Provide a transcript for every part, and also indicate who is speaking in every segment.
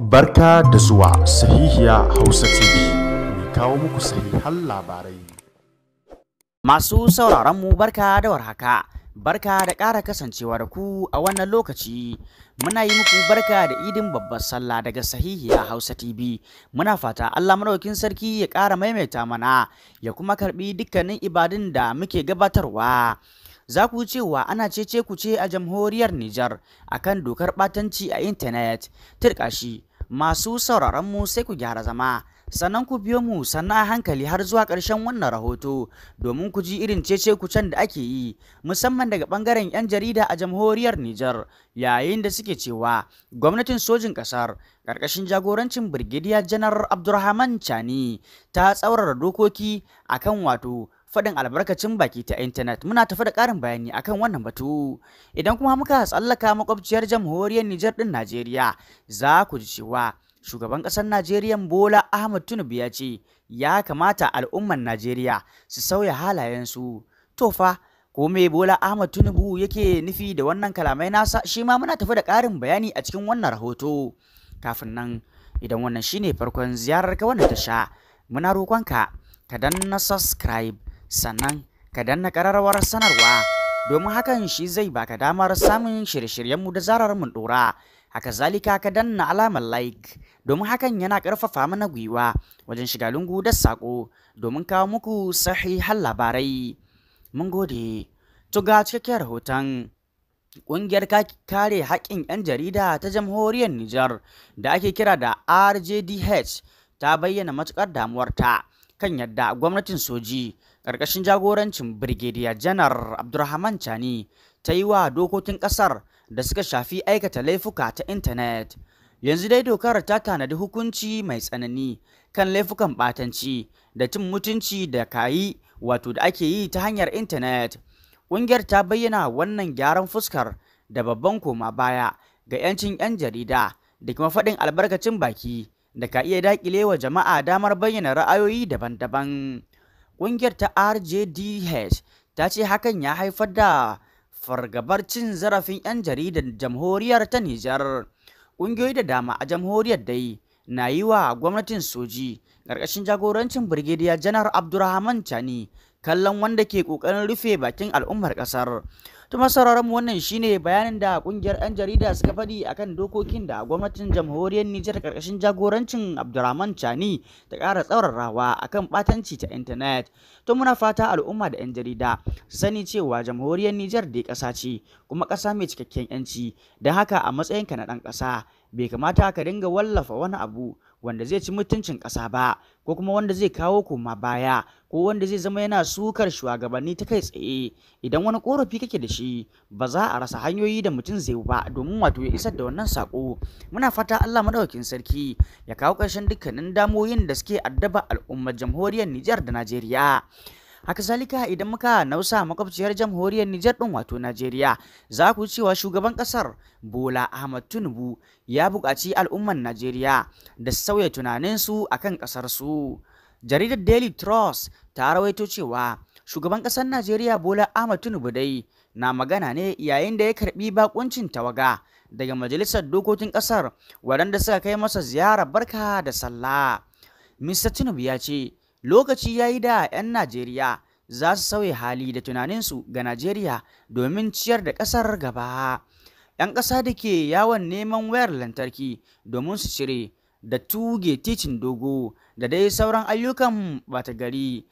Speaker 1: Barka da zuwa sahihiya Hausa TV, mai kawo muku sahihan labarai. Masu sauraron barka da warhaka, barka da ƙara kasancewa da ku a wannan lokaci. Muna yi muku barka da idin babbar sallah daga sahihiya Hausa TV. Muna fata Allah madaukakin sarki ya ƙara maimaita mana, ya kuma karɓi dukkanin ibadun da muke gabatarwa. za ku cewa ana cece ku ce a jamhuriyar Nijar akan dokar ɓatanci a intanet tirƙashi masu sauraron mu sai ku gyara zama sannan ku biyo mu sannan a hankali har zuwa ƙarshen wannan rahoto domin ku ji irin cece kucen da ake yi musamman daga ɓangaren 'yan jarida a jamhuriyar Nijar yayin da suke cewa gwamnatin sojin ƙasar ƙarƙashin jagorancin Birgidiya Janar Abdurrahman Chani ta tsaurara dokoki akan wato faɗin albarkacin baki ta intanet muna tafi da ƙarin bayani akan wannan batu idan kuma muka tsallaka makwabciyar jamhuriyar Nijar ɗin Najeriya za ku ji cewa shugaban ƙasar Najeriya Bola Ahmad Tinubu ya ce ya kamata al'ummar Najeriya su sauya halayensu to fa ko me Bola Ahmad Tinubu yake nufi da wannan kalamai nasa shi ma muna tafi da ƙarin bayani a cikin wannan rahoto kafin nan idan wannan shine farkon ziyarar ka wannan tasha muna roƙonka ka danna subscribe sannan ka danna ƙararrawar sanarwa domin hakan shi zai baka damar samun shirye-shiryenmu da zarar mun ɗora. Haka zalika ka danna alamar like domin hakan yana ƙarfafa mana gwiwa wajen shiga lungu da saƙo domin kawo muku sahihan labarai. Mun gode. To ga cikakken rahoton. Ƙungiyar kare haƙƙin 'yan jarida ta jamhuriyar Nijar da ake kira da RJDH ta bayyana matuƙar ta kan yadda gwamnatin soji ƙarƙashin jagorancin Birgediya Janar Abdurrahman Chani ta yi wa dokokin ƙasar da suka shafi aikata laifuka ta intanet. Yanzu dai dokar ta tanadi hukunci mai tsanani kan laifukan ɓatanci da cin mutunci da kayi wato da ake yi ta hanyar intanet. Ƙungiyar ta bayyana wannan gyaran fuskar da babban koma baya ga 'yancin 'yan jarida da kuma faɗin albarkacin baki da ka iya daƙile wa jama'a damar bayyana ra'ayoyi daban-daban. Ƙungiyar ta RJDH ta ce hakan ya haifar da fargabar cin zarafin 'yan jaridar jamhuriyar ta Nijar. Ƙungiyoyi da dama a jamhuriyar dai na yi wa gwamnatin soji ƙarƙashin jagorancin Birgidiya Janar Abdurrahman Chani kallon wanda ke ƙoƙarin rufe bakin al'ummar ƙasar. Tuma sauraron mu wannan shine bayanin da kungiyar 'yan jarida suka faɗi akan dokokin da gwamnatin jamhuriyar Nijar karkashin jagorancin Abdurrahman Chani ta ƙara tsaurarawa akan ɓatanci ta intanet. To muna fata al'umma da 'yan jarida sani cewa jamhuriyar Nijar dai ƙasa ce kuma ƙasa mai cikakken 'yanci. Da haka a matsayinka na ɗan ƙasa bai kamata ka dinga wallafa wani abu wanda zai ci mutuncin ƙasa ba ko kuma wanda zai kawo koma baya ko wanda zai zama yana sukar shugabanni ta kai tsaye idan wani korafi kake da shi ba za a rasa hanyoyi da mutum zai ba domin wato ya isar da wannan sako muna fata Allah madaukakin sarki ya kawo ƙarshen dukkanin damoyin da suke addaba al'ummar jamhuriyar Nijar da Najeriya haka zalika idan muka nausa makwabciyar jamhuriyar Nijar din wato Najeriya za ku cewa shugaban kasar Bola Ahmad Tinubu ya buƙaci al'umman Najeriya da sauya tunaninsu akan kasar su jaridar Daily Trust ta rawaito cewa shugaban kasar Najeriya Bola Ahmad Tinubu dai na magana ne yayin da ya karbi bakuncin tawaga daga majalisar dokokin kasar waɗanda suka kai masa ziyara barka da sallah Mr. Tinubu ya ce Lokaci ya yi da 'yan Najeriya za su sauya hali da tunaninsu ga Najeriya domin ciyar da ƙasar gaba. 'Yan ƙasa da ke yawon neman wayar lantarki domin su cire da tuge titin dogo da dai sauran ayyukan bata gari.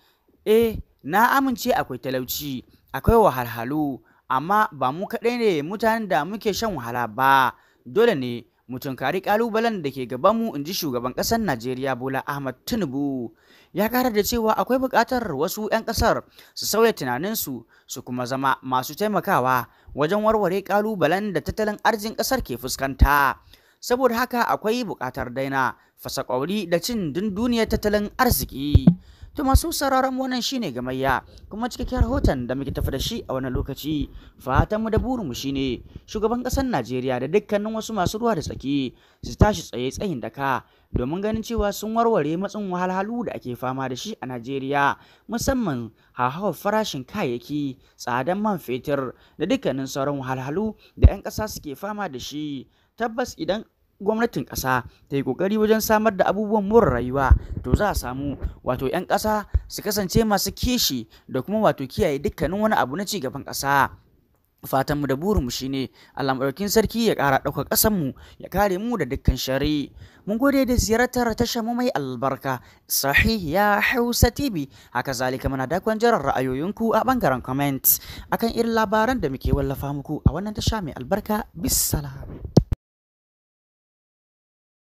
Speaker 1: E, na amince akwai talauci, akwai wahalhalu, amma ba mu kaɗai ne mutanen da muke shan wahala ba, dole ne Mutum kari kalubalen da ke gabanmu in ji shugaban ƙasar najeriya bola ahmad tinubu ya kara da cewa akwai buƙatar wasu 'yan ƙasar su sauya tunaninsu su kuma zama masu taimakawa wajen warware kalubalen da tattalin arzikin ƙasar ke fuskanta saboda haka akwai buƙatar daina fasa ƙwauri da cin dunduniyar tattalin arziki To masu sauraron wannan shine gamayya kuma cikakken rahoton da muke tafi da shi a wannan lokaci fatan mu da burin mu shine shugaban kasar Najeriya da dukkanin wasu masu ruwa da tsaki su tashi tsaye tsayin daka domin ganin cewa sun warware matsin wahalhalu da ake fama da shi a Najeriya musamman hauhawar farashin kayayyaki tsadan man fetur da dukkanin sauran wahalhalu da 'yan ƙasa suke fama da shi tabbas idan gwamnatin ƙasa ta yi ƙoƙari wajen samar da abubuwan more rayuwa to za a samu wato 'yan ƙasa su kasance masu kishi da kuma wato kiyaye dukkanin wani abu na ci gaban ƙasa. fatanmu da burinmu shine Allah sarki ya ƙara ɗaukar ƙasanmu ya kare mu da dukkan shari mun gode da ziyartar tashar mu mai albarka sahih ya Hausa TV haka zalika muna dakon jiran ra'ayoyinku a bangaren comment akan irin labaran da muke wallafa muku a wannan tasha mai albarka bisalam